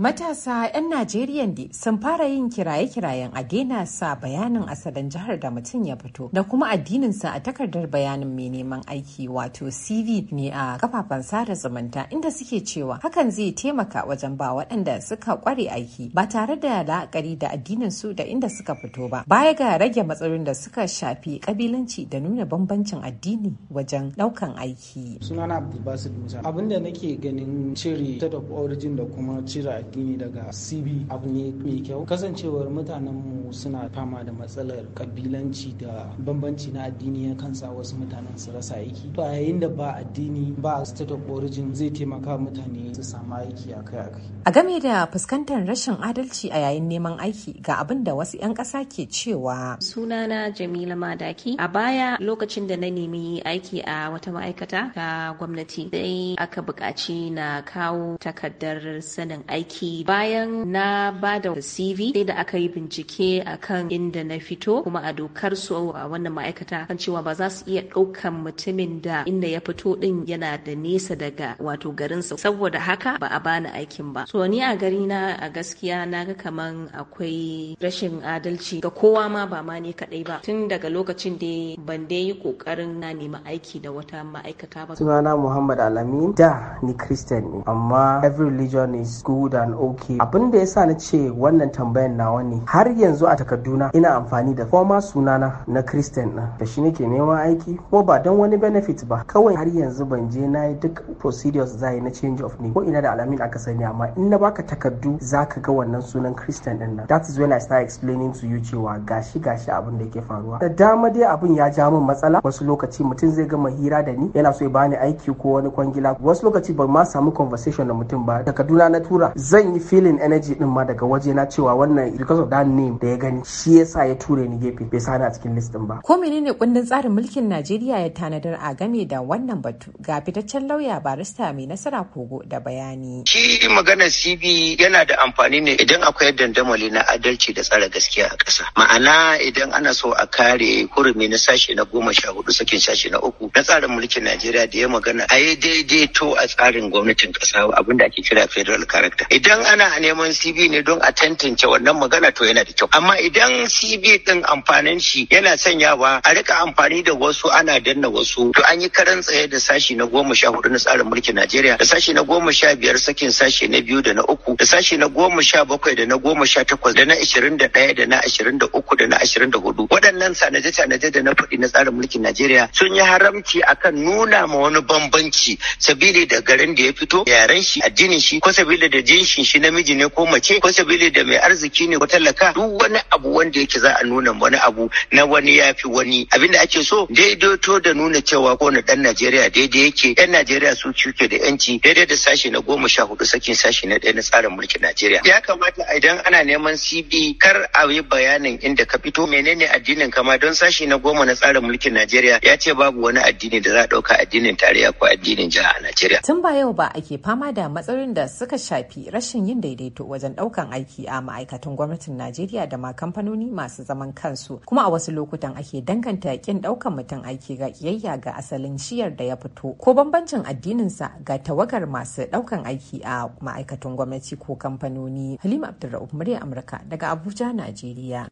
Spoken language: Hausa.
Matasa 'yan Najeriya ne sun fara yin kiraye-kirayen a sa bayanin asalin jihar da mutum ya fito da kuma addininsa a takardar bayanin mai neman aiki wato CV ne a kafafen sada zumunta inda suke cewa hakan zai taimaka wajen ba waɗanda suka kware aiki ba tare da la'akari da addinin su da inda suka fito ba baya ga rage matsalolin da suka shafi kabilanci da nuna bambancin addini wajen ɗaukan aiki. Sunana Abdulbasir Musa abinda nake ganin cire ta da origin da kuma cire addini daga cb abu ne mai kyau kasancewar mutanenmu suna fama da matsalar kabilanci da bambanci na addini ya kansa wasu mutanen su rasa aiki to yayin da ba addini ba state of origin zai taimaka mutane su samu aiki a kai a game da fuskantar rashin adalci a yayin neman aiki ga abin da wasu 'yan ƙasa ke cewa sunana jamila madaki a baya lokacin da na nemi aiki a wata ma'aikata ta gwamnati sai aka buƙaci na kawo takardar sanin aiki aiki bayan na ba da CV sai da aka yi bincike a kan inda na fito kuma a dokar su a wannan ma'aikata kan cewa ba za su iya ɗaukan mutumin da inda ya fito din yana da nesa daga wato garinsa saboda haka ba a bani aikin ba. So ni a gari na a gaskiya na ga kaman akwai rashin adalci ga kowa ma ba ma ne kaɗai ba tun daga lokacin da ban dai yi ƙoƙarin na nemi aiki da wata ma'aikata ba. Sunana Muhammad Alamin da ni Christian ne amma every religion is good General Oki abin da yasa na ce wannan tambayan nawa ne har yanzu a takarduna ina amfani da former sunana na Christian na da shi nake neman aiki kuma ba don wani benefit ba kawai har yanzu ban je na yi duk procedures za na change of name ko ina da alamin aka sani amma in na baka takardu zaka ga wannan sunan Christian din nan that is when I start explaining to you cewa gashi gashi abin da yake faruwa da dama dai abin ya ja min matsala wasu lokaci mutum zai gama hira da ni yana so ya bani aiki ko wani kwangila wasu lokaci ban ma samu conversation da mutum ba takarduna na tura zan yi feeling energy din ma daga waje na cewa wannan because of that name da ya gani shi yasa ya ture ni gefe bai sani a cikin list din ba ko menene kundin tsarin mulkin Najeriya ya tanadar a game da wannan batu ga fitaccen lauya barista mai nasara kogo da bayani shi magana CV yana da amfani ne idan akwai dandamali na adalci da tsara gaskiya a ƙasa ma'ana idan ana so a kare hurumi na sashe na goma sha hudu sakin sashe na uku na tsarin mulkin Najeriya da ya magana a yi daidaito a tsarin gwamnatin ƙasa abinda ake kira federal character idan ana neman cv ne don a tantance wannan magana to yana da kyau amma idan cv din amfanin shi yana sanyawa a rika amfani da wasu ana danna wasu to an yi karan tsaye da sashi na goma sha hudu na tsarin mulkin najeriya da sashi na goma sha biyar sakin sashi na biyu da na uku da sashi na goma sha bakwai da na goma sha takwas da na ashirin da ɗaya da na ashirin da uku da na ashirin da hudu waɗannan sanaje-sanaje da na faɗi na tsarin mulkin najeriya sun yi haramci akan nuna ma wani bambanci sabili da garin da ya fito yaren shi addinin shi ko sabili da jin shin shi namiji ne ko mace ko sabili da mai arziki ne ko talaka duk wani abu wanda yake za a nuna wani abu na wani yafi wani abinda ake so daidaito da nuna cewa ko na dan Najeriya daidai yake yan Najeriya su cuke da yanci daidai da sashi na goma sha hudu sakin sashi na ɗaya na tsarin mulkin Najeriya ya kamata idan ana neman CB kar a yi bayanin inda ka fito menene addinin kama don sashi na goma na tsarin mulkin Najeriya ya ce babu wani addini da za a ɗauka addinin tarayya ko addinin jiha a Najeriya tun ba yau ba ake fama da matsalolin da suka shafi rashin yin daidaito wajen ɗaukan aiki a ma'aikatan gwamnatin Najeriya da ma kamfanoni masu zaman kansu kuma a wasu lokutan ake danganta yakin ɗaukan mutum aiki ga kiyayya ga asalin shiyar da ya fito ko bambancin addininsa ga tawagar masu ɗaukan aiki a ma'aikatan gwamnati ko kamfanoni. Halima Abdulrahman murya Amurka daga Abuja, Najeriya.